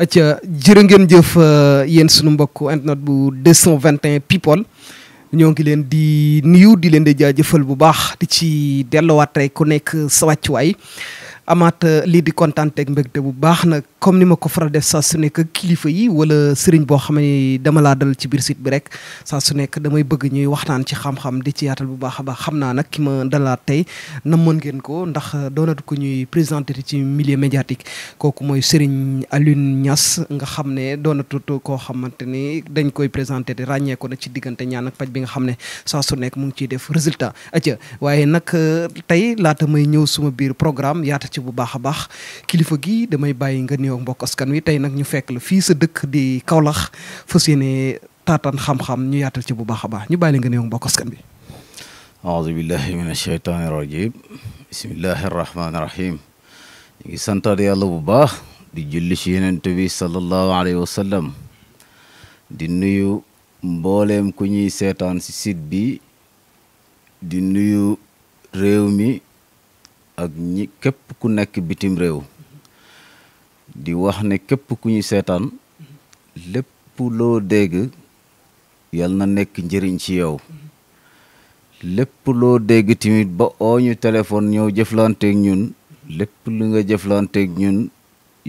acca jërë ngeen jëf euh, yéen sunu mbokk internet bu 221 people ñoo ngi leen di nuyu di leen di jaajëfal bu baax di ci delluwaat rek ku nekk sa wàccuwaay amaat euh, lii di kontaan ak mbégte bu baax nag comme ni ma ko fara def saa su nekk kilifa yi wala sëriñ boo xam ne dama laa dal ci biir site bi rek saa su nekk damay bëgg ñuy waxtaan ci xam-xam di ci yaatal bu baax a baax xam naa nag ki ma dalaat tey na mën ngeen ko ndax euh, doonatu ko ñuy présenté ci milieu médiatique kooku mooy sëriñ Alioune Niass nga xam ne doonatut koo xamante ni dañ koy présenté te ràññee ko na ci diggante ñaan ak paj bi nga xam ne saa su nekk mu ngi ciy def résultat atia waaye nag euh, tey laata may ñëw suma biir programme yaata ci bu baax a baax kilifa gi damay bàyyi nga nuyoo mbokk askan wi tey nag ñu fekk la fii sa dëkk di Kaolack fas yéene taataan xam-xam ñu yaatal ci bu baax a baax ñu bàyyi la nga nuyoo mbokk askan bi aoudu billahi min asheytaani rajim bismillahi bu baax di julli ci yenent bi sallallahu alayhi wa sallam di nuyu mbooleem ku ñuy seetaan ci site bi di nuyu réew mi ak ñi képp ku nekk bitim réew di wax ne képp ku ñu seetaan lépp loo dégg yal na nekk njëriñ ci yow lépp loo dégg tamit ba oo ñu téléphone ñëw jëflanteeg ñun lépp li nga jëflanteeg ñun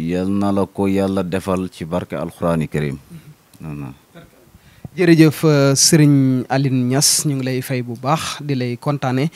yal na la ko yàlla defal ci barke alxuraani karim jërëjëf euh, sëriñ alin ñas ñu ngi lay fay bu baax di lay kontaane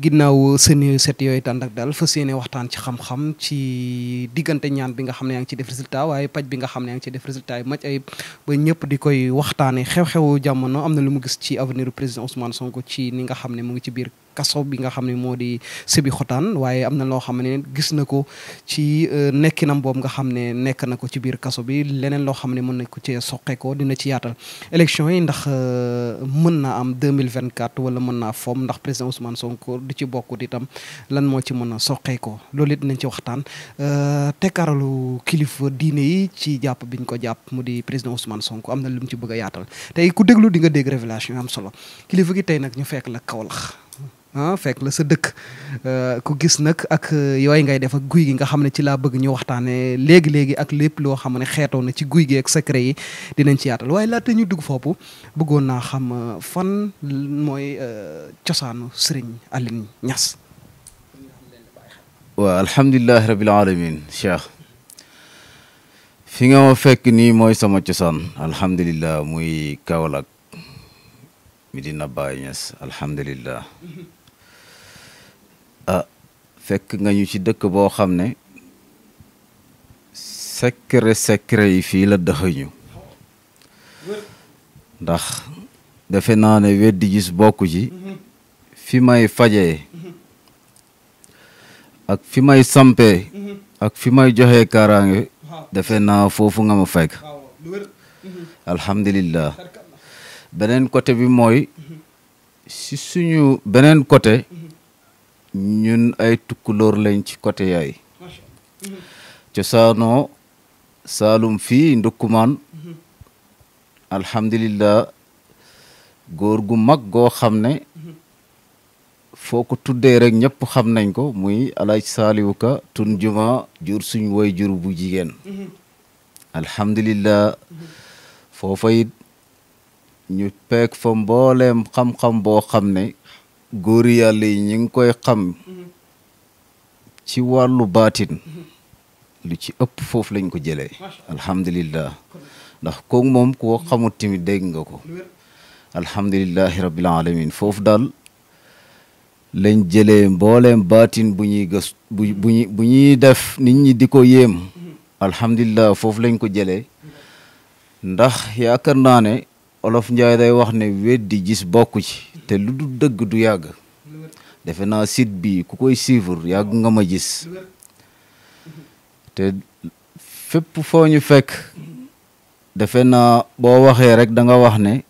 ginnaaw seen set yooyu tànd ak daal fas yéene waxtaan ci xam-xam ci diggante ñaan bi nga xam ne yaa ngi ci def résultat waaye paj bi nga xam ne yaa ngi ci def résultat yi maj ayib ba ñëpp di koy waxtaane xew-xewu jamono am na lu mu gis ci avenir président Ousmane Sonko ci ni nga xam ne mu ngi ci biir kaso bi nga xam ne moo di sébi xotaan waaye am na loo xam ne gis na ko ci euh, nekkinam boobu nga xam ne nekk na ko ci biir kaso bi leneen loo xam ne mën na ko cee soqeekoo dina ci yaatal élection yi ndax euh, mën naa am 2024 wala mën naa foom ndax président Ousmane Sonko di ci bokkut itam lan moo ci mën a soqeekoo loolu it dinañ ci waxtaan euh, tekkaaralu kilifa diine yi ci jàpp biñ ko jàpp mu di président Ousmane sonk am na lu mu ci bëgg a yaatal tey ku déglu di nga dégg révélation yi am solo kilifa gi tey nag ñu fekk la Kaolack ah fekk la sa dëkk euh, ku gis nag ak yooyu ngay def ak guy gi nga xam ne ci laa bëgg ñu waxtaanee léegi léegi ak lépp loo xam ne xeetoo na ci guy gi ak secret yi dinañ ci yaatal waaye laata ñu dugg foofu bëggoon naa xam euh, fan mooy euh, cosaanu Serigne Aline ñas waaw alhamdulilah rabil aalamiin Cheikh fi nga ma fekk nii mooy sama cosaan alhamdulilah muy Kaolack Medina Baye Niass alhamdulilah ah fekk nga ñu ci dëkk boo xam ne secret secret yi fii la ñu ndax defe naa ne weddi gis bokku ji fi may faje ak fi may sampe ak fi may joxe kaaraange defe naa foofu nga ma fekk alhamdulilah beneen côté bi mooy si suñu beneen côté ñun ay tukkulóor lañ ci côté yaay cosaanoo saalum fii ndukkumaan alhamdulillah góor gu mag goo xam ne foo ko tuddee rek ñëpp xam nañ ko muy alaaj saaliwu ka tun juma jur suñ woy jur bu jigéen alhamdulillah foofa ñu peeg fa mbooleem xam-xam boo xam ne góor yàlla yi ngi koy xam ci wàllu baatin lu ci ëpp foofu lañ ko jëlee alhamdulillah ndax kooku moom koo xamut tamit dégg nga ko alhamdulillahi rabbil alamin foofu dal lañ jëlee mbooleem baatin bu ñuy gës def nit ñi di ko yéem mm-hmm. alhamdulillah foofu lañ ko jëlee ndax yaakaar naa olof Njaay day wax ne weddi gis bokku ci te lu du dëgg du yàgg defe naa site bi ku koy suivre yàgg nga ma gis te fépp foo ñu fekk defe naa boo waxee rek da nga wax ne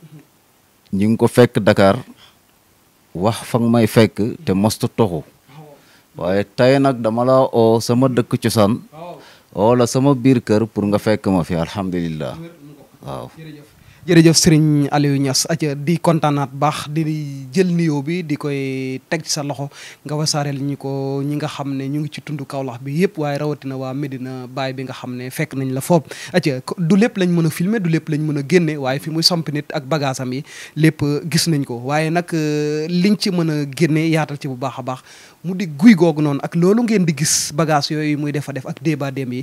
ñi ngi ko fekk Dakar wax fa nga may fekk te mosta toxu waaye tey nag dama la oo sama dëkk cosaan oo la sama biir kër pour nga fekk ma fi alhamdulillah waaw jërëjëf sëriñ Aliou ñas aja di kontaanaat baax di jël nuyoo bi di koy teg ci sa loxo nga wasaareel ñi ko ñi nga xam ne ñu ngi ci tund Kaolack bi yëpp waaye rawatina waa Medina baay bi nga xam ne fekk nañ la foofu aja du lépp lañ mën a filmer du lépp lañ mën a génne waaye fi muy samp nit ak bagaasam yi lépp gis nañ ko waaye nag liñ ci mën a génne yaatal ci bu baax a baax mu di guy googu noonu ak loolu ngeen di gis bagage yooyu muy defa def ak débat dem yi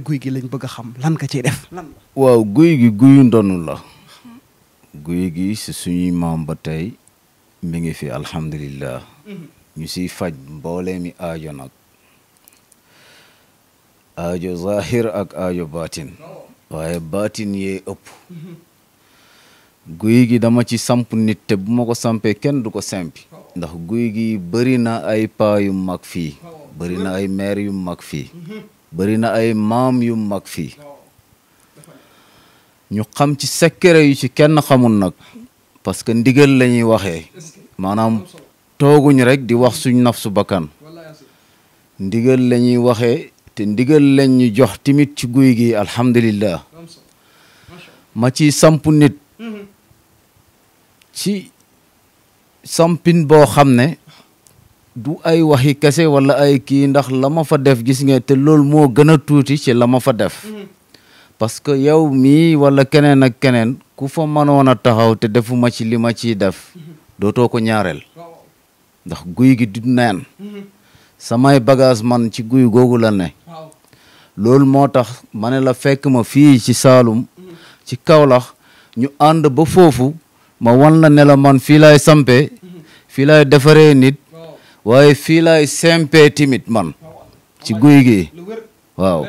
guy gi lañ bëgg a xam lan nga ci def la waaw guy gi guyu ndonu la guy gi si suñu maam ba tey mi ngi fi alhamdulillah mhm. ñu si faj mboolee mi aajo nag aajo zahir ak aajo baatin oh. waaye baatin yee ëpp mhm. guy gi dama ci samp nit te bu ma ko sampee kenn du ko sempi oh. ndax guy gi bari na ay paa yu mag fi bari na ay maire yu mag fi bari na ay maam yu mag fi ñu xam ci secret yu ci kenn xamul nag parce que ndigal lañuy waxe waxee maanaam tooguñ rek di wax suñ naf su bakkan ndigal lañuy waxe te ndigal lañ ñu jox timit ci guy gi alhamdulillah ma ci samp ci sampin boo xam ne du ay waxi kese walla ay kii ndax la ma fa def gis nga te loolu moo gën a tuuti ci la ma fa def parce que yow mii wala keneen ak keneen ku fa mënoon a taxaw te defuma ci li ma ciy def dootoo ko ñaareel ndax guy gi du neen samay bagage man ci guy googu la ne loolu moo tax ma ne la fekk ma fii ci Saalum ci kawlax ñu ànd ba foofu ma wan la ne la man fii laay sampee fii laay defaree nit waaye fii laay sempee timit man ci guy gi waaw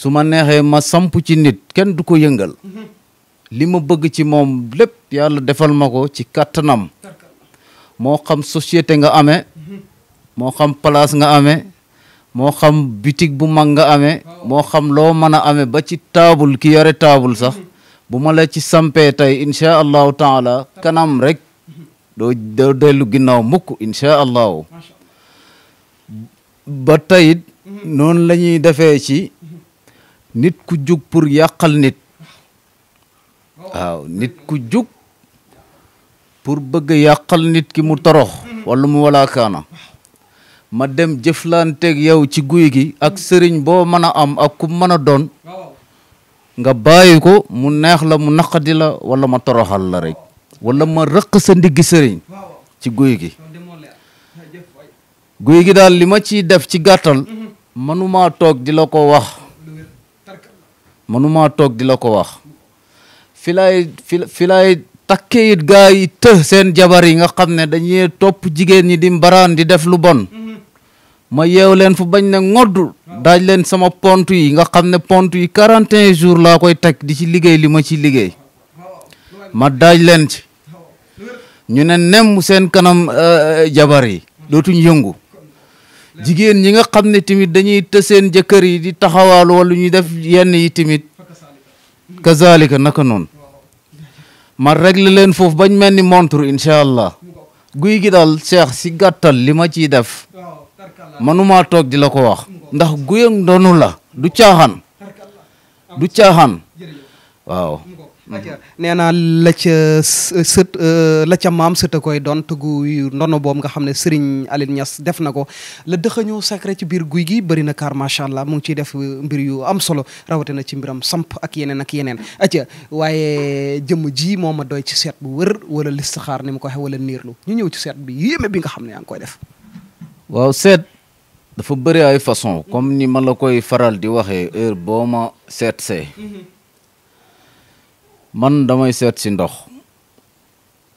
su ma neexee ma samp ci nit kenn du ko yëngal li ma bëgg ci moom lépp yàlla defal ma ko ci kàttanam moo xam société nga ame moo xam place nga amee moo xam bitik bu mag nga ame moo xam loo mën a ame ba ci taabul ki yore taabul sax bu ma la ci sampee tey incha allahu taala kanam rek doo doo dellu ginnaaw mukk incha allahu ba tey noonu la ñuy defee ci nit ku jug pour yàqal nit waaw nit ku jug pour bëgga yàqal nit ki mu torox wallu mu walaakaana ma dem jëflanteeg yow ci guy gi ak sëriñ boo mën a am ak ku mën a doon nga bàyyi ko mu neex la mu naqadi la wala ma toroxal la rek walla ma rëq sa ndiggi sëriñ ci guy gi guy gi daal li ma ciy def ci gàttal mënumaa toog di la wax mënumaa toog di la ko wax fi laay fi fi të seen jabar yi nga xam ne dañuy topp jigéen ñi di mbaraan di def lu bon ma yeew leen fu bañ ne ngoddu daaj leen sama pont yi nga xam ne pont yi 41 jours laa koy teg di ci liggéey li ma ci liggéey ma daaj leen ci ñu ne nem seen kanam euh, jabar yi dootuñ yongu jigéen ñi nga xam ne tamit dañuy të seen jëkkër yi di taxawaal wala ñu def yenn yi tamit kazalika naka noonu ma réglé leen foofu bañ mel ni montre incha allah guy gi daal cheikh si gàttal li ma ciy def manumaa toog di la ko wax ndax guy ak ndoonu la du caaxaan du caaxaan waaw. naa la ca sët euh, la ca maam sët koy doon tëggu ndono boobu nga xam ne Serigne Aline Niass def na ko la dëxañoo sacré ci biir guy gi bëri na kaar macha allah mu ngi ciy def euh, mbir yu am solo rawatina ci mbiram samp ak yeneen ak yeneen. atia waaye jëmm ji moom ma doy ci seet bu wër wala listixaar ni mu ko waxee wala niirlu ñu ñëw ci seet bi yéeme bi nga xam ne yaa ngi koy def. waaw seet dafa bëri ay façon comme ni ma la koy faral di waxee heure boo ma seetsee man damay seet si ndox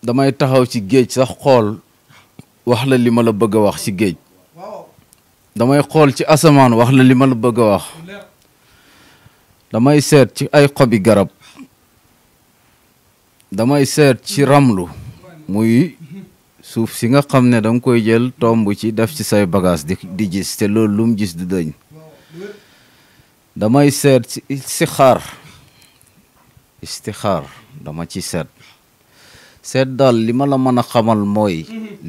damay taxaw ci géej sax xool wax la li ma la bëgg wax ci géej damay xool ci asamaan wax la li ma la bëgg a wax damay seet ci ay xobi garab damay seet ci ramlu muy suuf si nga xam ne danga koy jël tomb ci def ci say bagaas di di gis te loolu lum gis di dañ damay seet ci istixaar istixaar dama ci seet seet daal li ma la mën a xamal mooy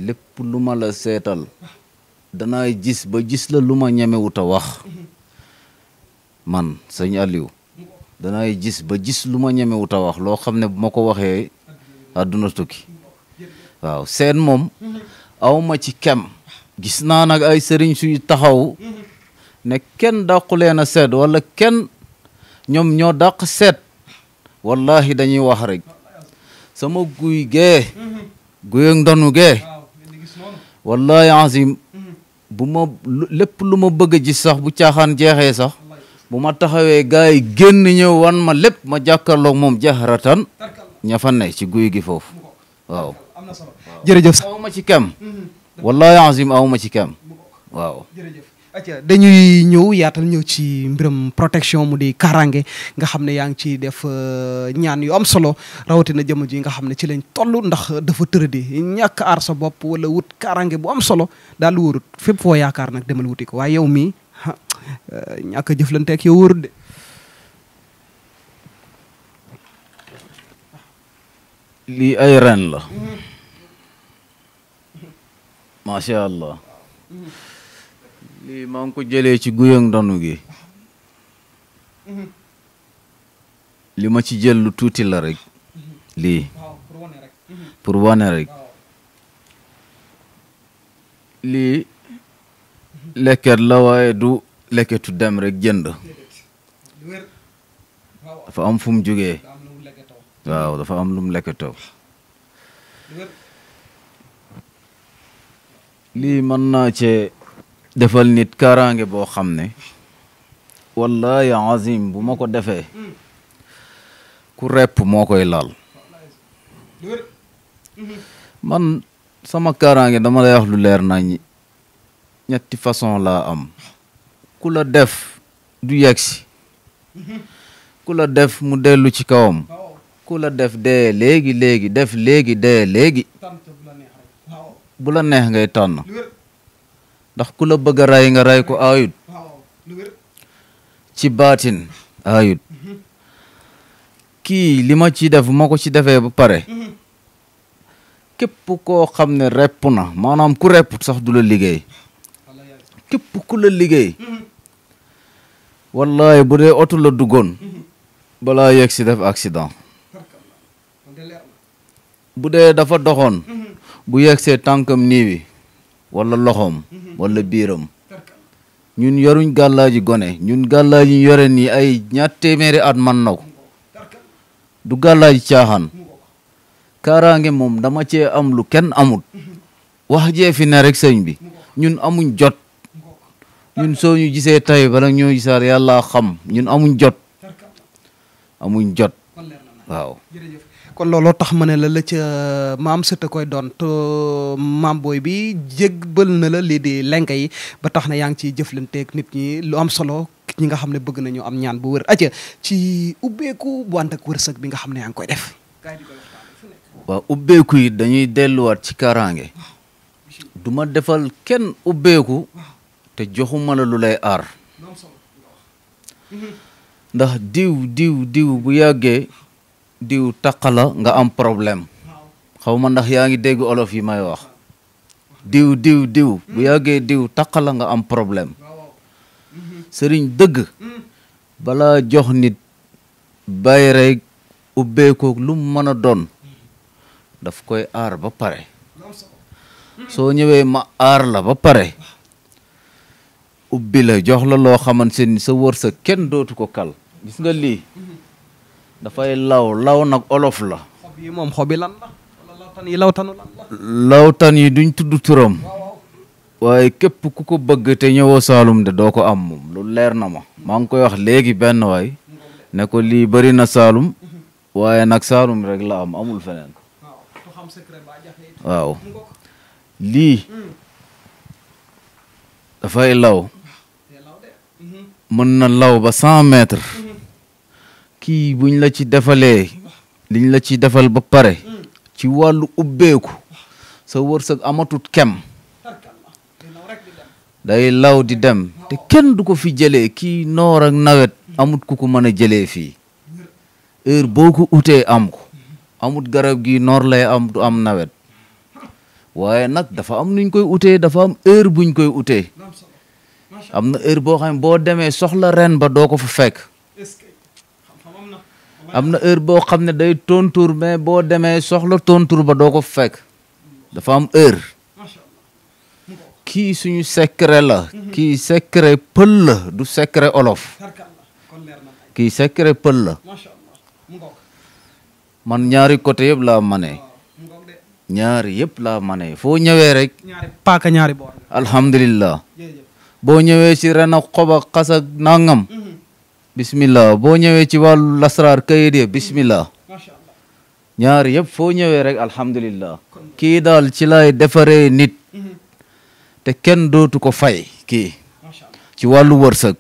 lépp lu ma la seetal danaay gis ba gis la lu ma ñemewut a wax man sëñ Aliou danaay gis ba gis lu ma ñemewut a wax loo xam ne bu ma ko waxee àdduna tukki waaw seen moom aw ma ci kem gis naa nag ay sëriñ suy taxaw ne kenn dàqu leena a seet wala kenn ñoom ñoo dàq seet wallahi dañuy wax rek sama guy gee guy ndonu gee wallahi azim bu ma lépp lu ma bëgg a gis sax bu caaxaan jeexee sax bu ma taxawee gars yi génn ñëw wan ma lépp ma jàkkarloog moom jaxaratan ña fa ci guy gi foofu waaw jërëjëf aw ma ci kem mhm. wallahi azim ma ci kem dañuy ñëw yaatal ñëw ci mbiram protection mu di kaaraange nga xam ne yaa ngi ciy def euh, ñaan yu solo rawatina jamono ji nga xam ne ci lañ toll ndax dafa tëradi ñàkk aar bopp wala wut kaaraange bu am solo daal lu wóorut fépp foo yaakaar nag demal wuti ko waa yew mii euh, ñàkk a jëflante yow wóorut de lii ay ren la mhm. macha allah lii maa ko jëlee ci guyang danu gi li ma ci jël lu tuuti la rek lii pour wane rek lii lekket la waaye du leketu dem rek jënd dafa am fu mu jógee waaw am lu mu lii mën naa cee defal nit kaaraange boo xam ne wallahi azim bu ma ko defee ku repp moo koy laal man sama kaaraange dama lay wax lu leer nañ ñetti façon laa am ku la def du yegsi ku la def mu dellu ci kawam ku la def dee léegi léegi def léegi dee léegi bu la neex ngay tànn ndax ku la bëgg a rey nga rey ko aayut ci baatin aayut kii li ci def moo ci defee ba pare képp koo xam ne repp na maanaam ku repp sax du la liggéey képp ku la liggéey wallaay bu dee oto la duggoon balaa yegg def accident bu dee dafa doxoon bu yegsee tànkam niiwi wala loxoom walla biiram ñun yoruñ gàllaaji gone ñun gàllaaji ñu yore nii ay ñaar téeméeri at man na ko du gàllaaji caaxaan kaaraange moom dama cee am lu kenn amut wax jee fi ne rek sëñ bi ñun amuñ jot ñun soo ñu gisee tey bala ñoo gisaar yàlla xam ñun amuñ jot amuñ jot waaw kon looloo tax ma ne la la ca euh, maam sëta koy doon te euh, maam booy bi jégbal na la lii di lenk yi ba tax na yaa ngi ciy jëflanteeg nit ñi lu am solo ñi nga xam ne bëgg nañu am ñaan bu wër aja ci ubbeeku bu ànd ak wërsëg bi nga xam ne yaa ngi koy def waaw ubbeeku yi dañuy delluwaat ci kaaraange du defal kenn ubbeeku te joxuma lu lay aar ndax diw diw diw bu yàggee diw la nga am problème xaw ma ndax yaa ngi dégg olof yi may wax diw diw diw bu yàggee diw la nga am problème sëriñ dëgg balaa jox nit bàyyi rek ubbeekook lu mu mën a doon daf koy aar ba pare soo ñëwee ma aar la ba pare ubbi la jox la loo xamante ni sa wërsëg kenn dootu ko kal gis nga lii dafay law law nag olof la. xob yi yi lan la wala lawtan yi duñ tudd turam. waaye képp ku ko bëgg te ñëwoo Saalum de doo ko am leer na ma. maa ngi koy wax léegi benn waay ne ko lii bëri na Saalum waaye nag Saalum rek la am amul feneen. waaw lii hmm. dafay law hmm. mën na law ba cent mètres. Hmm. kii buñ la ci defalee liñ la ci defal ba pare ci wàllu ubbeeku sa wërsëg amatut kem day law di dem te kenn du ko fi jëlee kii noor nawet amut ku ko mën a jëlee fii heure boo ko utee am ko amut garab gi noor lay am du am nawet waaye nag dafa am nuñ koy utee dafa am heure buñ koy utee am na heure boo xam boo demee soxla ren ba doo ko fa fekk am na heure boo xam ne day tontur mais boo demee soxla tontur ba doo ko fekk dafa am heure kii suñu secret la kii secret pël la du secret olof kii secret pël la man ñaari côté yëpp laa mane ñaari yëpp laa manee foo ñëwee rek paaka ñaari alhamdulillah boo ñëwee si ren a xob a nangam bismillah boo ñëwee ci wàllu lasraar kayit ya bismillah ñaar yëpp foo ñëwee rek alhamdulillah kii daal ci lay defaree nit mhm. te kenn dootu ko fay kii ci wàllu wërsëg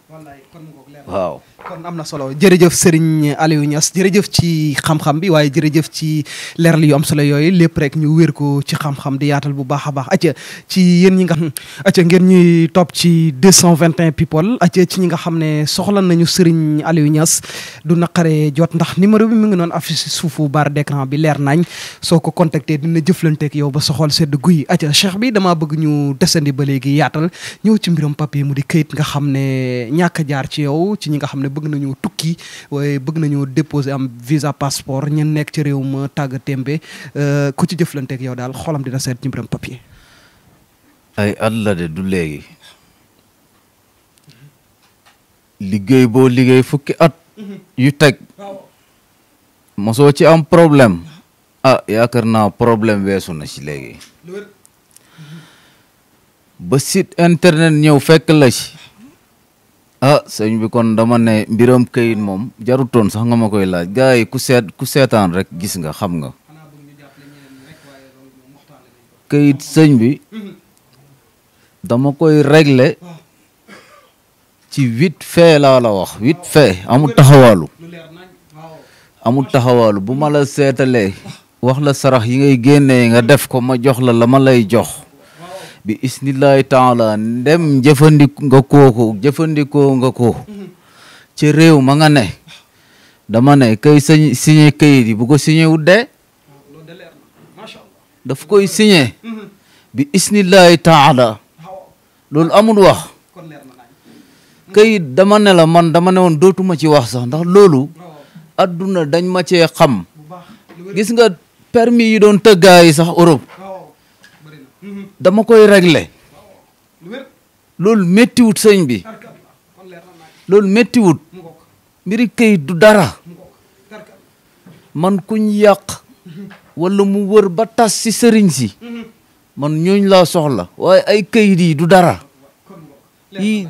waaw kon am na solo jërëjëf Serigne Aliou ñas jërëjëf ci xamxam bi waaye jërëjëf ci leeral yu am solo yooyu lépp rek ñu wér ko ci xamxam di yaatal bu baax a baax acca ci yéen ñi nga acca ngeen ñuy topp ci 221 people acca ci ñi nga xam ne soxla nañu Serigne Aliou ñas du naqare jot ndax numéro bi mu ngi noon affiche si suufu baar d'écran bi leer nañ soo ko contacté dina jëflanteeg yow ba soxol sedd guy acca cheikh bi damaa bëgg ñu desandi ba léegi yaatal ñëw ci mbiram papier mu di kayit nga xam ne ñàkk jaar ci yow ci ñi nga xam ne bëgg nañoo tukki waaye bëgg nañoo déposer am visa passeport ñen nekk ci réew ma tàgg euh, ku ci jëflanteeg yow daal xoolam dina seet ci mbiram du léegi liggéey boo liggéey fukki at yu teg mosoo ci am problème ah, yaakaar naa problème weesu na ci léegi ba site internet ñëw fekk la ci ah sëñ bi kon dama ne mbiram kayit moom jarutoon sax nga ma koy laaj gars yi ku seet ku seetaan rek gis nga xam nga këyit sëñ bi dama koy regle ci vite fait laa la wax vite fait amul taxawaalu amul taxawaalu bu ma la seetalee wax la sarax yi ngay génnee nga def ko ma jox la la ma lay jox bi isnillahi taala ndem jëfandik nga kooku jëfandikoo nga ko ci réew ma nga ne dama ne kay sañ signé kayit yi bu ko signé wut dee daf koy signé bi isnillahi taala loolu amul wax kayit dama ne la man dama ne woon dootuma ci wax sax ndax loolu adduna dañ ma cee xam gis nga permis yi doon tëggaa yi sax Europe dama koy régler loolu méttiwut sëñ bi loolu méttiwut mbiri këyit du dara man kuñ yàq wala mu wër ba tas si sëriñ si man ñooñ laa soxla waaye ay kayit yi du dara yi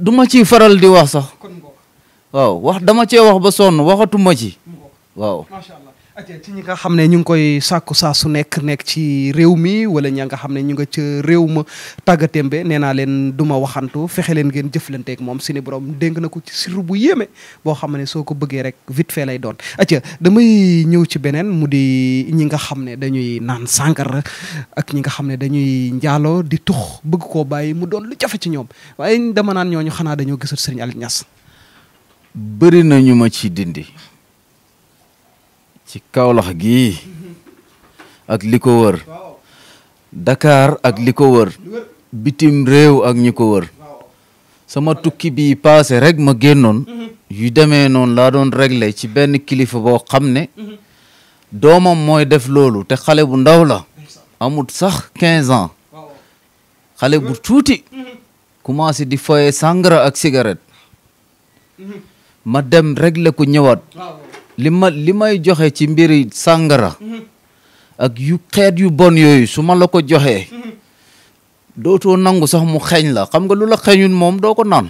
du ma faral di wax sax waaw wax dama cee wax ba sonn waxatuma ci waaw ok ci ñi nga xam ne ñu ngi koy sàkku saa su nekk nekk ci réew mi wala ña nga xam ne ñu nga ca réew ma tàggatémbe nee naa leen duma ma waxantu fexe leen ngeen jëflanteeg moom suñu borom dénk na ko ci siru bu yéeme boo xam ne soo ko bëggee rek vite fait lay doon. acca damay ñëw ci beneen mu di ñi nga xam ne dañuy naan sàngara ak ñi nga xam ne dañuy njaaloo di tux bëgg koo bàyyi mu doon lu jafe ci ñoom waaye dama naan ñooñu xanaa dañoo gisat Serigne Aliou Niass. bëri na ñu ma ci dindi. ci Kaolack gii ak li ko wër Dakar ak li ko wër bitim réew ak ñi ko wër sama tukki bi paase rek ma génnoon yu deme noonu laa doon réglé ci benn kilifa boo xam ne doomam mooy def loolu te xale bu ndaw la amut sax quinze ans xale bu tuuti commencé di foye sàngara ak cigarette ma dem réglé ku ñëwaat li li may joxe ci mbiri sàngara ak yu xeet yu bon yooyu su ma la ko joxee dootoo nangu sax mu xeeñ la xam nga lu la xeeñut moom doo ko naan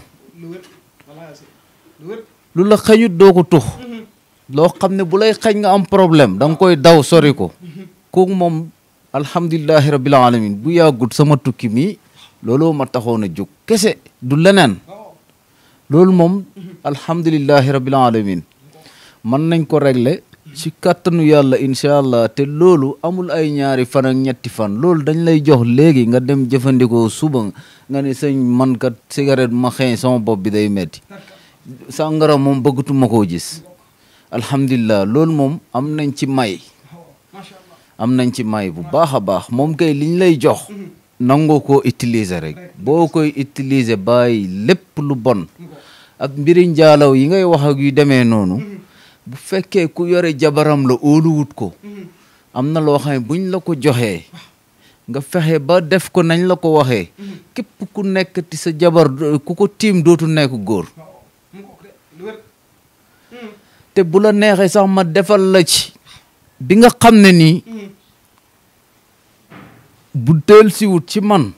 lu la xeeñut doo ko tux mm-hmm. loo xam ne bu lay xeeñ nga am problème da nga koy daw sori ko mm-hmm. kooku moom alhamdulilahi rabbil alamin bu yàggut sama tukki mi looloo ma taxoon a jóg kese du leneen oh. loolu moom mm-hmm. alhamdulilahi rabbil alamin man nañ ko régler ci kattanu yàlla incha allah te loolu amul ay ñaari fan ak ñetti fan loolu dañ lay jox léegi nga dem jëfandikoo suba nga ne sëñ man kat cigarette ma xëy sama bopp bi day metti sangara moom bëggatuma koo gis alhamdulilah loolu moom am nañ ci may am nañ ci may bu baax a baax moom kay liñ lay jox nangoo ko utiliser rek boo koy utiliser bàyyi lépp lu bon ak mbiri njaalaw yi ngay wax ak yu demee noonu bu fekkee ku yore jabaram la óoluwut ko am na loo xam ne buñ la ko joxee nga fexe ba def ko nañ la ko waxee képp ku nekk ti sa jabar ku ko tiim dootu nekk góor te bu la neexee sax ma defal la ci bi nga xam ne ni bu teel siwut ci man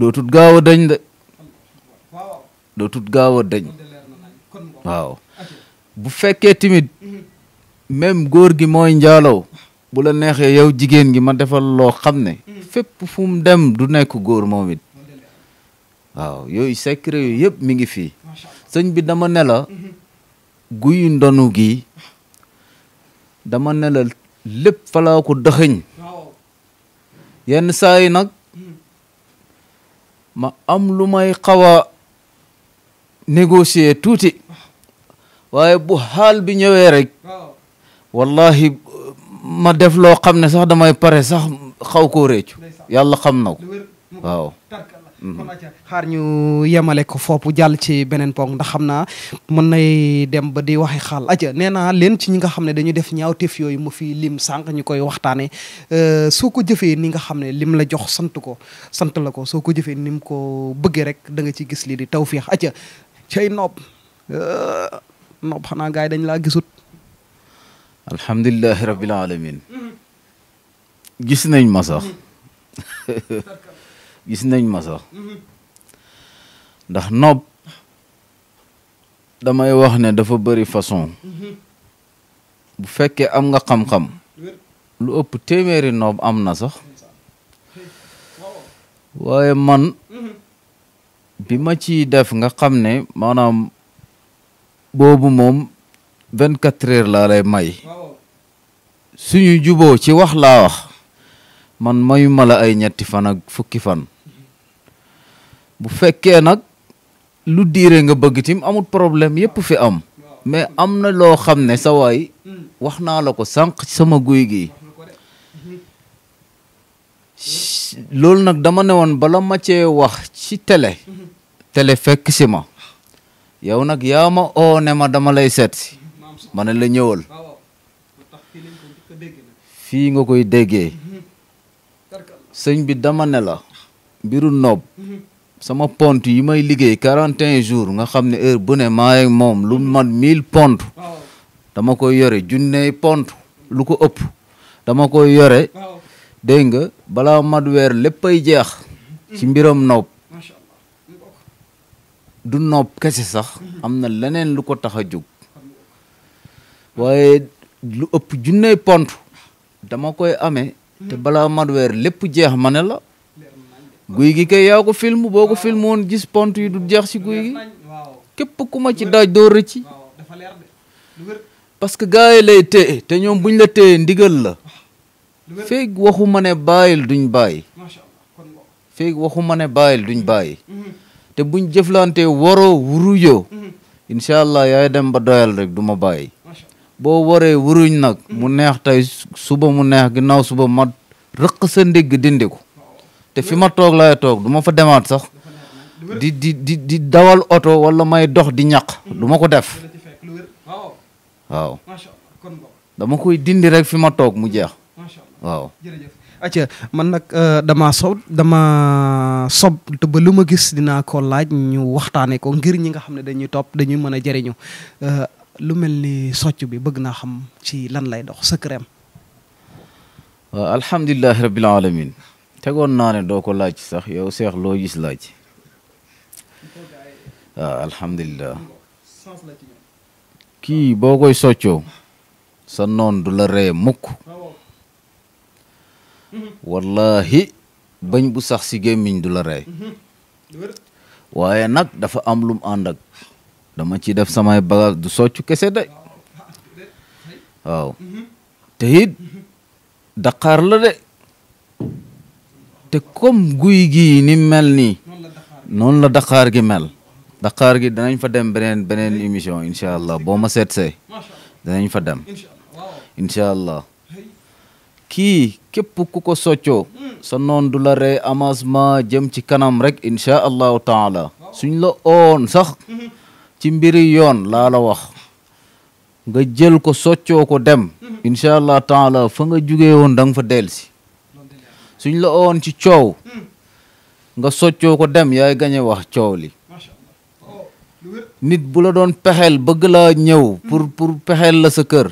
dootut gaaw a de dootut gaaw a dañ bu fekkee timit même góor gi mooy njaaloo bu la neexee yow jigéen gi ma defal loo xam ne fépp fu dem du nekk góor moom waaw yooyu secret yooyu yëpp mi ngi fii bi dama ne la guyu ndonu gi dama ne la lépp falaa ko dëxëñ yenn saa yi nag ma am lu may xaw a négocier tuuti waaye bu xaal bi ñëwee rek wallahi ma def loo xam ne sax damay pare sax xaw koo réccu yàlla xam na ko mm-hmm. ñu yemale ko foofu jàll ci beneen ponk ndax xam naa mën nay dem ba di waxi xaal aja nee naa leen ci ñi nga xam ne dañu def ñaawteef yooyu mu fi lim sànq ñu koy waxtaane euh, soo ko jëfee ni nga xam ne lim la jox sant ko sant la ko soo ko jëfee ni mu ko bëggee rek da nga ci gis lii di tawfiix aja cay noob nopp xanaa gars yi dañ laa gisut alhamdulilahi rabbil alamin gis nañ ma sax gis nañ ma sax ndax nopp damay wax ne dafa bari façon bu fekkee am nga xam-xam lu ëpp téeméeri noob am na sax waaye man bi ma ci def nga xam ne maanaam boobu moom vingt quatre heures laa lay may suñu juboo ci wax laa wax man mayu la ay ñetti fan ak fukki fan bu fekkee nag lu diire nga bëgg tim amul problème yëpp fi am mais am na loo xam ne sa wax naa la ko sànq sama guy gi loolu nag dama ne woon bala ma cee wax ci télé télé fekk si ma yow nag yama ma ne ma dama lay seet si la ñëwal fii nga koy déggee sëñ bi dama ne la mbiru noob sama pont yi may liggéey quarante un jours nga xam ne heure bu ne maay moom lu man mille pont dama ko yore junney pont lu ko ëpp dama ko yore dégg nga balaa mat weer léppay jeex ci mbiram noob du noob kese sax am na leneen lu ko tax a jóg waaye lu ëpp junney pont dama koy ame te balaa mat weer lépp jeex ma ne la guy gi kay yaa ko film boo ko film woon gis pont yi du jeex ci guy gi képp ma ci daaj doo rëcc parce que gars yi te ñoom buñ la téye ndigal la feeg waxu ma ne bàyyil duñ duñ bàyyi te buñ jëflante waroo wurujo incha allah yaay dem ba doyal rek du ma bàyyi boo waree nag mu neex tey suba mu neex ginnaaw suba mat rëq sa ndigg dindi ko te fi ma toog laay toog du ma fa demaat sax di di di di dawal oto walla may dox di ñaq du ma ko def waaw dama koy dindi rek fi ma toog mu jeex waaw acca man nag eh, dama sob dama sob te lu ma gis dinaa ko laaj ñu waxtaanee ko ngir ñi nga xam ne dañuy topp dañuy mën a jëriñu eh, lu mel ni socc bi bëgg naa xam ci lan lay dox secret am waaw eh, alhamdulilahi alamin tegoon naa ne doo ko laaj sax yow seex loo gis laaj waaw alhamdulilah kii boo koy soccoo sa noon du la ree mukk wallahi bañ bu sax si gémmiñ du la rey waaye nag dafa am lum ànd ak dama ci def samay bagage du soccu kese de waaw te it daqaar la de te comme guy gi ni mel ni noonu la daqaar gi mel daqaar gi danañ fa dem beneen beneen émission incha allah boo ma seetsee danañ fa dem incha allah kii képp ku ko soccoo sa noon du la ree avancement jëm ci kanam rek incha allahu taala suñ la oon sax ci mbiri yoon laa la wax nga jël ko soccoo ko dem incha allah taala fa nga jugee woon da fa delsi suñ la oon ci coow nga soccoo ko dem yaay gañe wax coow li oh, nit bu la doon pexeel bëgg laa ñëw pour pour pexeel la sa kër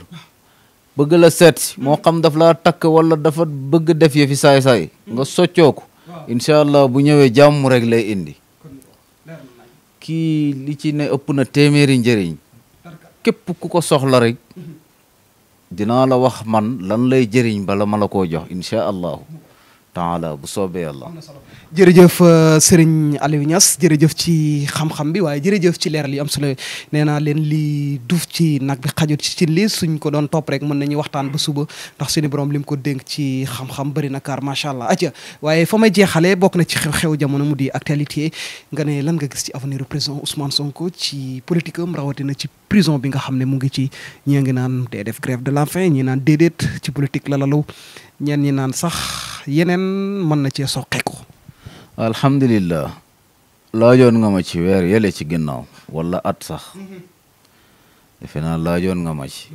bëgg la seet moo xam daf laa takk wala dafa bëgg def yëfi saay-saay nga soccooku incha allah bu ñëwee jàmm rek lay indi kii li ci ne ëpp na téeméeri njëriñ képp ku ko soxla rek dinaa la wax man lan lay jëriñ bala ma la ko jox incha allahu taala bu soobee yàlla. jërëjëf euh, Serigne Aliou Niass jërëjëf ci xam-xam bi waaye jërëjëf ci leer li am solo nee naa leen li duuf ci nag bi xajut ci cin li suñ ko doon topp rek mën nañu waxtaan ba suba ndax suñu borom lim ko dénk ci xam-xam bëri na kaar macha allah atia waaye foo may jeexalee bokk na ci xew-xew jamono mu di actualité nga ne lan nga gis ci avenir président Ousmane Sonko ci politique am rawatina ci prison bi nga xam ne mu ngi ci ñii ngi naan dee def grève de la fin ñii naan déedéet ci politique la lalu ñenn ñi naan yeneen mën na cee soqeeku. alhamdulilah. laajoon nga ma ci weer yële ci ginnaaw wala at sax defe naa laajoon nga ma ci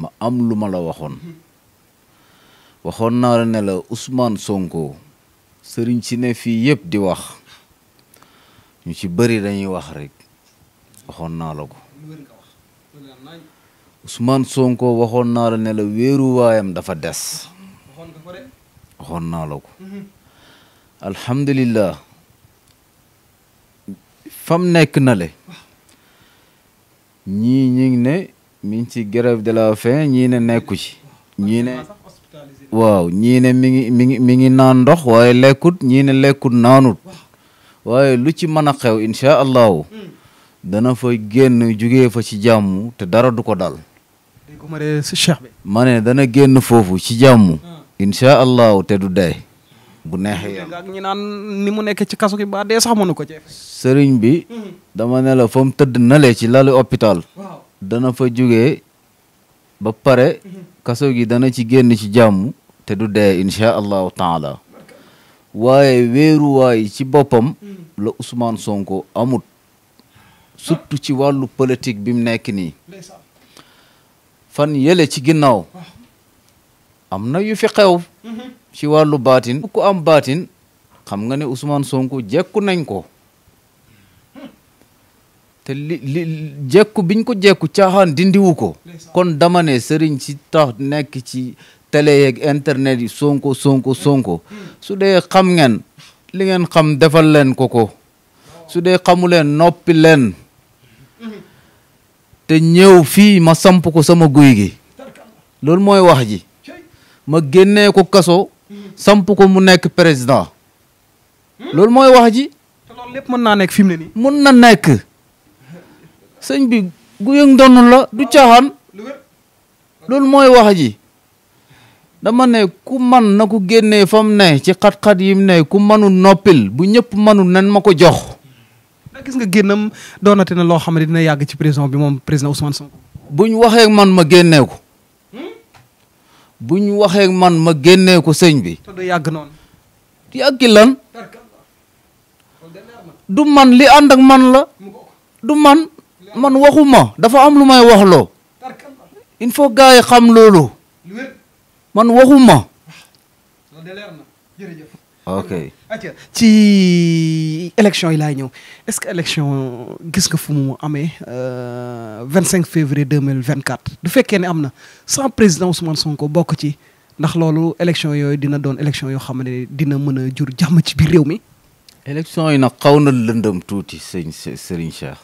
ma am lu ma la waxoon waxoon naa la ne la Ousmane Sonko sëriñ si ne fii yépp di wax ñu ci bari dañuy wax rekk waxoon naa la ko Ousmane Sonko waxoon naa la ne la wéeruwaayam dafa des waxoon naa la ko alhamdulilah fam nekk na le ñii ñi ngi ne mi ngi ci grève de la ñii ne nekku ci ñii ne waaw ñii ne mi ngi naan ndox waaye lekkut ñii ne lekkut naanut waaye lu ci mën a xew incha allahu dana fa génn jugee fa ci jàmm te dara du ko dal ma ne dana génn foofu ci jàmm ah. incha allahu te du dee. bu neexee yàlla ak ñi naan ni mu nekke ci kaso gi ba dee sax mënu ko cee. sëriñ bi. Mhm. dama ne la tëdd nalee ci lalu hôpital. dana fa jugee ba pare. Mhm. kaso gi dana ci génn ci jàmm. te du dee incha allahu taala. waaye weeruwaay ci boppam. Mhm. la Ousmane Sonko amut. surtout ci wàllu politique bi mu nekk nii. fan yële ci ginnaaw. am na yu fi mm-hmm. ci wàllu baatin ku am baatin xam nga ne Ousmane Sonko jekku nañ ko te jekku biñ ko jekku caaxaan dindiwu ko kon dama ne sëriñ ci tax nekk ci télé yeeg internet yi Sonko Sonko Sonko mm-hmm. su dee xam ngeen li ngeen xam defal leen ko ko su dee xamu leen noppi leen mm-hmm. te ñëw fii ma samp ko sama guy gi loolu mooy wax ji ma génnee ko kaso samp ko mu nekk président loolu mooy wax ji. te lépp mën naa nekk fi ne nii. mën na nekk sëñ bi gu yëng la du caaxaan loolu mooy wax ji dama ne ku man na ko génnee fa mu ne ci xat-xat yi mu ne ku mënu noppil bu ñëpp mënu nan ma ko jox. gis nga génnam doonate na loo xam ne dina yàgg ci président bi moom président Ousmane Sonko. buñ waxee man ma génnee ko. bu ñu waxee man ma génnee ko sëñ bi. te yàgg noonu. yàggi lan. du man li ànd ak man la. du man man waxuma dafa am lu may wax loo. il faut gars yi xam loolu. man waxuma. ok. atia ci élection yi laay ñëw est-ce que élection gis nga fu mu amee 25 euh, février 2024 du fekkee ne am na sans président Ousmane Sonko bokk ci ndax loolu élection yooyu dina doon élection yoo xam ne dina mën a jur jàmm ci biir réew mi. élection yi nag xaw na lëndëm tuuti sëñ Serigne Cheikh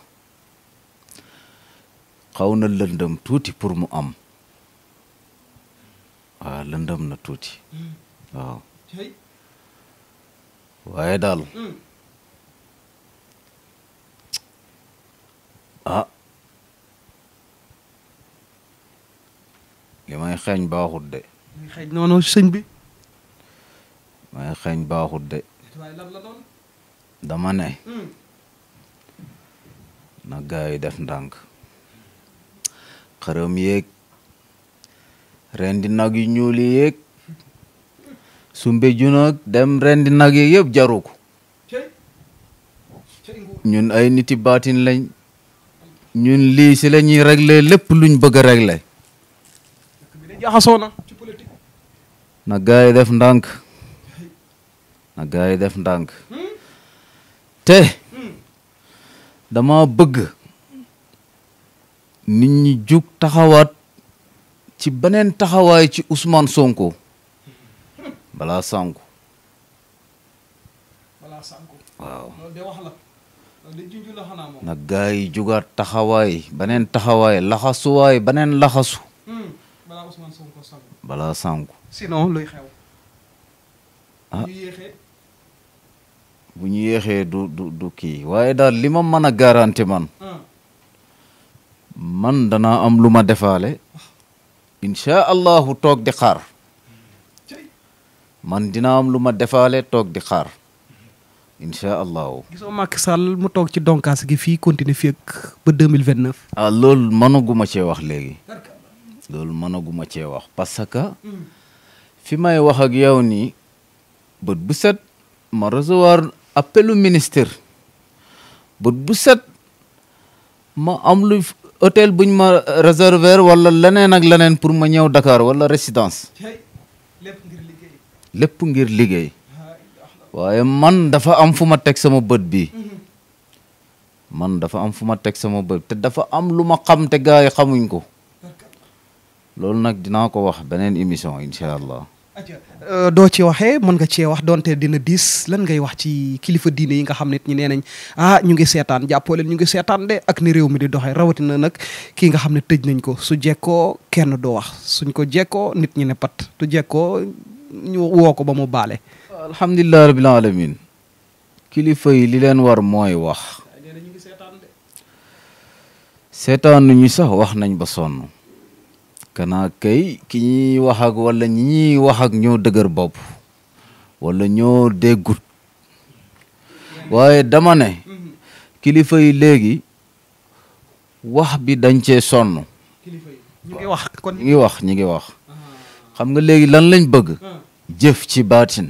xaw na lëndëm tuuti pour mu am waaw lëndëm na tuuti hmm. waaw. waaye daal ah li may xeeñ baaxut de. noonu sëñ bi. may xeeñ baaxut de. dama ne. Hmm. na gaa yi def ndànk. xaram yeeg. rendi nag yu ñuul yeeg. su mbéjunoog dem rendi nag yi yëpp jaru ko ñun ay niti baatin lañ ñun liisi si la ñuy régler lépp luñ bëgg regle régler na na gaa def ndànk na yi def ndànk hmm? te hmm. dama bëgg nit ñi jug taxawaat ci beneen taxawaay ci usmaan Sonko balaa sànku. balaa la loolu de junj la jugaat taxawaay beneen taxawaay laxasuwaay beneen laxasu. Hmm. balaa Ousmane Sonko sànku. Ah. bu ñu yéexee. bu ñu du du kii waaye daal li ma mën a garanti man. Hmm. man danaa am lu ma defaale. Ah. incha allahu toog di xaar. man dina am lu ma defaale toog di xaar incha allahu. gisoo Macky Sall mu toog ci donkaas gi fii continuer fii ak ba deux mille vingt neuf. ah loolu mënaguma cee wax léegi loolu mënaguma cee wax parce que fi may wax ak yow nii bët bu set ma recevoir appelu ministre bët bu set ma am lu hôtel buñ ma réserver wala leneen ak leneen pour ma ñëw Dakar wala résidence. lépp ngir liggéey waaye man dafa am fu ma teg sama bët bi man dafa am fu ma teg sama bët te dafa am lu ma xam te gars yi xamuñ ko loolu nag dinaa ko wax beneen émission incha allah. Euh, doo ci waxee mën nga cee wax donte dina diis lan ngay wax ci kilifa diine yi nga xam nit ñi nee nañ ah ñu ngi seetaan jàppoo leen ñu ngi seetaan de ak ni réew mi di doxee rawatina nag kii nga xam ne tëj nañ ko su jekkoo kenn doo wax suñ ko jekkoo nit ñi ne pat tu jekkoo ñu woo ko ba mu baale. alhamdulilah rabbil alamin kilifa yi li leen war mooy wax. seetaanu ñu sax wax nañ ba sonn. kana kay ki ñuy wax ak ñi ñuy wax ak ñoo dëgër bopp wala ñoo déggut waaye dama ne kilifa yi léegi wax bi dañ cee sonn. ñu ngi wax kon ngi wax. xam nga léegi lan lañ bëgg. Ah. jëf ci baatin.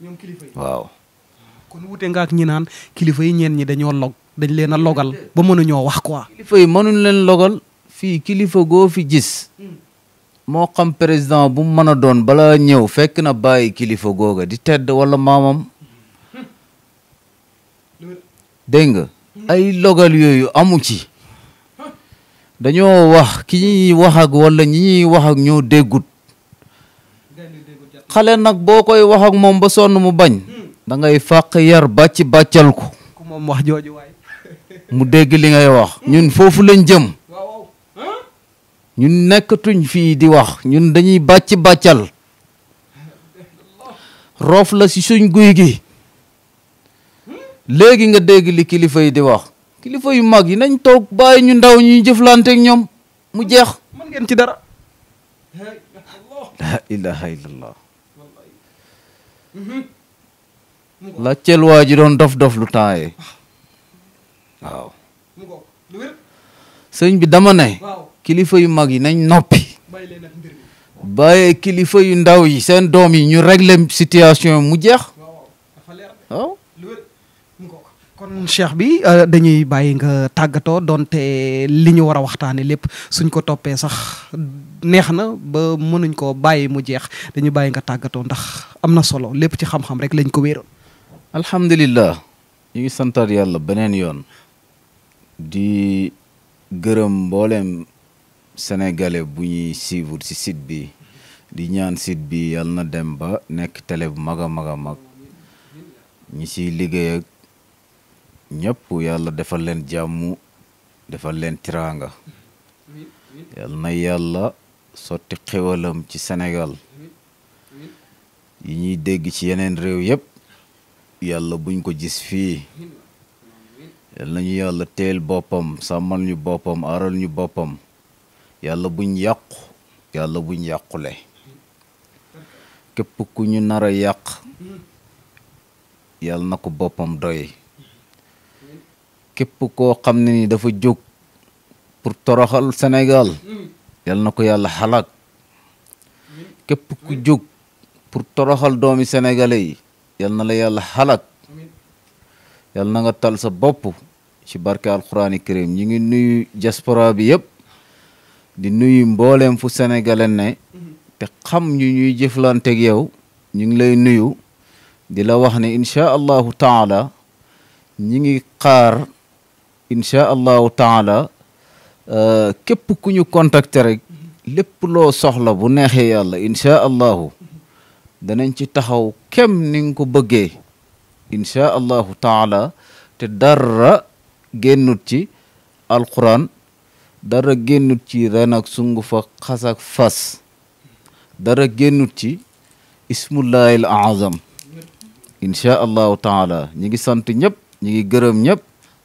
ñoom waaw. kon wute nga ak ñi naan kilifa yi ñeen ñi dañoo log dañ leen a logal ba mënuñoo wax quoi. kilifa yi leen logal fii kilifa goo fi gis. Hmm. moo xam président bu mën a doon bala ñëw fekk na bàyyi kilifa googa di tedd walla maamam. dégg nga hmm. ay logal yooyu amu ci. dañoo wax ki ñuy wax ak wala ñi ñuy wax xale nag boo koy wax moom ba sonn mu bañ dangay ngay fàq yar bàcc bàccal ko wax jooju waay mu dégg li ngay wax ñun foofu lañ jëm ñun nekkatuñ fii di wax ñun dañuy bàcc bàccal roof la ci suñ guy gi léegi nga dégg li kilifa yi di wax kilifa yu mag yi nañ toog bàyyi ñu ndaw ñuy jëflanteeg ñoom mu jeex. mën ci dara. la laajteel waa ji doon dof-dof lu taaye ah. waaw bi dama kilifa yu mag yi nañ noppi bàyyee kilifa yu ndaw yi seen doom yi ñu régler situation mu jeex kon cheikh bi euh, dañuy bàyyi nga tàggatoo donte li ñu war a waxtaane lépp suñ ko toppee sax neex na ba mënuñ koo bàyyi mu jeex dañuy bàyyi nga tàggatoo ndax am na solo lépp ci xam-xam rek lañ ko wéeroon alhamdulilah ñu ngi santaat yàlla beneen yoon di gërëm mbooleem senegale bu ñuy suivre ci site bi di ñaan site bi yàlla na dem ba nekk télé bu mag a mag a mag ñi ciy liggéey ñépp yàlla defal leen jàmm defal leen tiraanga yal na yàlla sotti xewalam ci Sénégal yi ñuy dégg ci yeneen réew yépp yàlla buñ ko gis fii yal nañu yàlla teel boppam sàmmal ñu boppam aral ñu boppam yàlla buñ yàqu yàlla buñ yàqule képp ku ñu nar a yàq yàlla na ko boppam doy képp koo xam ne ni dafa jóg pour toroxal Sénégal yal na ko yàlla xalaat képp ku jóg pour toroxal doomi senegal yi yal na la yàlla xalaat yal na nga tal sa bopp ci barke alquraani karim ñi ngi nuyu diaspora bi yëpp di nuyu mbooleem fu sénégalais ne te xam ñu ñuy jëflanteeg yow ñu ngi lay nuyu di la wax ne inchaa allahu taala ñi ngi xaar incha allahu taala euh, képp ku ñu contacter rek lépp loo soxla bu neexee yàlla incha allahu danañ ci taxaw kem ni ko bëggee incha allahu taala te dara génnut ci alquran dara génnut ci ren ak sungu fa fas dara génnut ci ismullahil azam incha allahu taala ñi ngi sant ñëpp ñi ngi gërëm ñëpp